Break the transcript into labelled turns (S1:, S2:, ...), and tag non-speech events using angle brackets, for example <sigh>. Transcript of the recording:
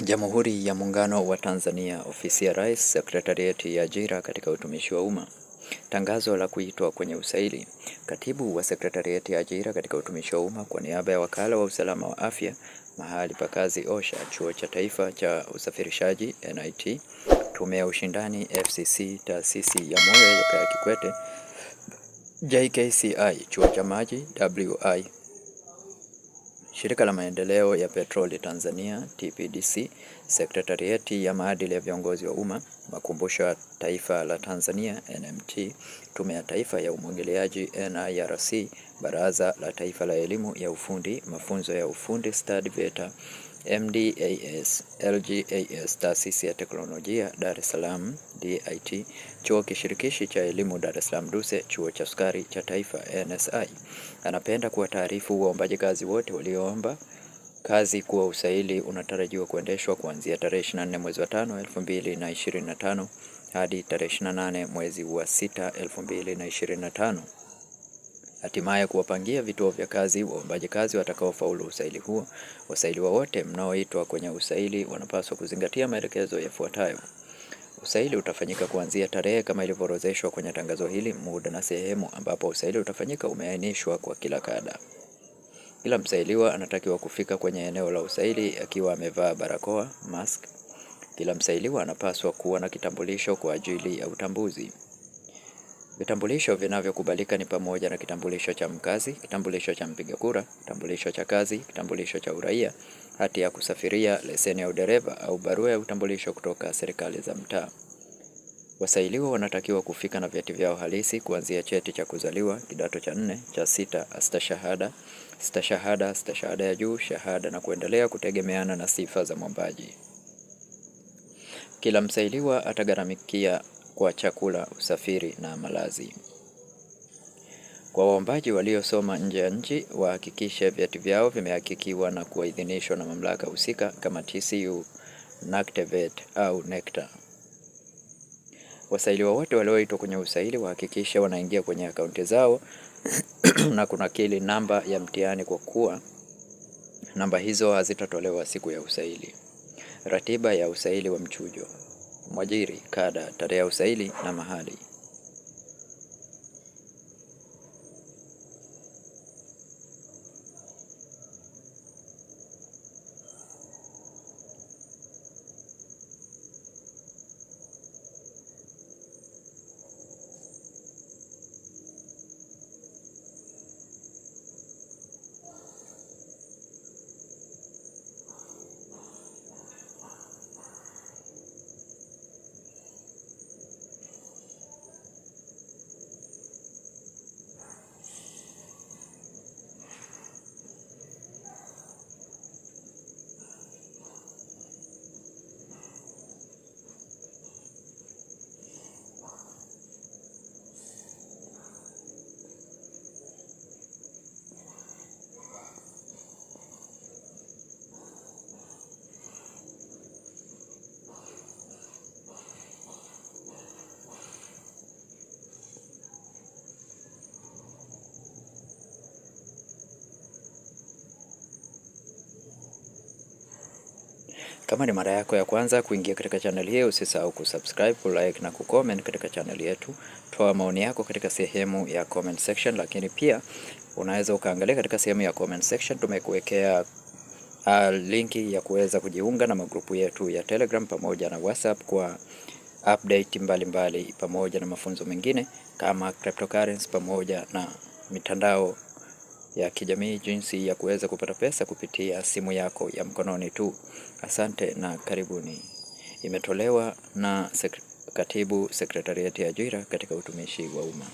S1: Jamhuri ya Muungano wa Tanzania, Ofisi ya Rais, Sekretarieti ya Ajira katika Utumishi wa Umma. Tangazo la kuitwa kwenye usaili. Katibu wa Sekretarieti ya Ajira katika Utumishi wa Umma, kwa niaba ya Wakala wa Usalama wa Afya mahali pa kazi OSHA, Chuo cha Taifa cha Usafirishaji NIT, Tume ya Ushindani FCC, Taasisi ya Moyo ya Kaya Kikwete, JKCI, Chuo cha Maji WI Shirika la Maendeleo ya Petroli Tanzania TPDC, Sekretarieti ya Maadili ya Viongozi wa Umma, Makumbusho ya Taifa la Tanzania NMT, Tume ya Taifa ya Umwagiliaji NIRC, Baraza la Taifa la Elimu ya Ufundi, Mafunzo ya Ufundi Stadi, VETA, MDAS, LGAS, Taasisi ya Teknolojia Dar es Salaam, DIT, Chuo Kishirikishi cha Elimu Dar es Salaam DUCE, Chuo cha Sukari cha Taifa, NSI. Anapenda kuwa taarifu waombaji kazi wote walioomba kazi kuwa usaili unatarajiwa kuendeshwa kuanzia tarehe 24 mwezi wa 5 2025 hadi tarehe 28 mwezi wa 6 2025 hatimaye kuwapangia vituo vya kazi waombaji kazi watakaofaulu usaili huo. Wasailiwa wote mnaoitwa kwenye usaili wanapaswa kuzingatia maelekezo yafuatayo. Usaili utafanyika kuanzia tarehe kama ilivyoorodheshwa kwenye tangazo hili. Muda na sehemu ambapo usaili utafanyika umeainishwa kwa kila kada. Kila msailiwa anatakiwa kufika kwenye eneo la usaili akiwa amevaa barakoa mask. Kila msailiwa anapaswa kuwa na kitambulisho kwa ajili ya utambuzi. Vitambulisho vinavyokubalika ni pamoja na kitambulisho cha mkazi, kitambulisho cha mpiga kura, kitambulisho cha kazi, kitambulisho cha uraia, hati ya kusafiria, leseni ya udereva au barua ya utambulisho kutoka serikali za mtaa. Wasailiwa wanatakiwa kufika na vyeti vyao halisi kuanzia cheti cha kuzaliwa kidato cha nne, cha sita, astashahada, stashahada, shahada ya juu, shahada na kuendelea, kutegemeana na sifa za mwombaji. Kila msailiwa atagharamikia kwa chakula, usafiri na malazi. Kwa waombaji waliosoma nje ya nchi, wahakikishe vyeti vyao vimehakikiwa na kuidhinishwa na mamlaka husika kama TCU, NACTVET au NECTA. Wasaili wote walioitwa kwenye usaili wahakikishe wanaingia kwenye akaunti zao <clears throat> na kunakili namba ya mtihani kwa kuwa namba hizo hazitatolewa siku ya usaili. Ratiba ya usaili wa mchujo mwajiri, kada, tarehe ya usaili na mahali.
S2: Kama ni mara yako ya kwanza kuingia katika channel hii, usisahau kusubscribe, kulike na kucomment katika channel yetu. Toa maoni yako katika sehemu ya comment section, lakini pia unaweza ukaangalia katika sehemu ya comment section tumekuwekea uh, linki ya kuweza kujiunga na magrupu yetu ya Telegram pamoja na WhatsApp kwa update mbalimbali mbali, pamoja na mafunzo mengine kama cryptocurrency pamoja na mitandao ya kijamii, jinsi ya kuweza kupata pesa kupitia simu yako ya mkononi tu. Asante na karibuni. Imetolewa na sek Katibu Sekretarieti ya Ajira katika Utumishi wa Umma.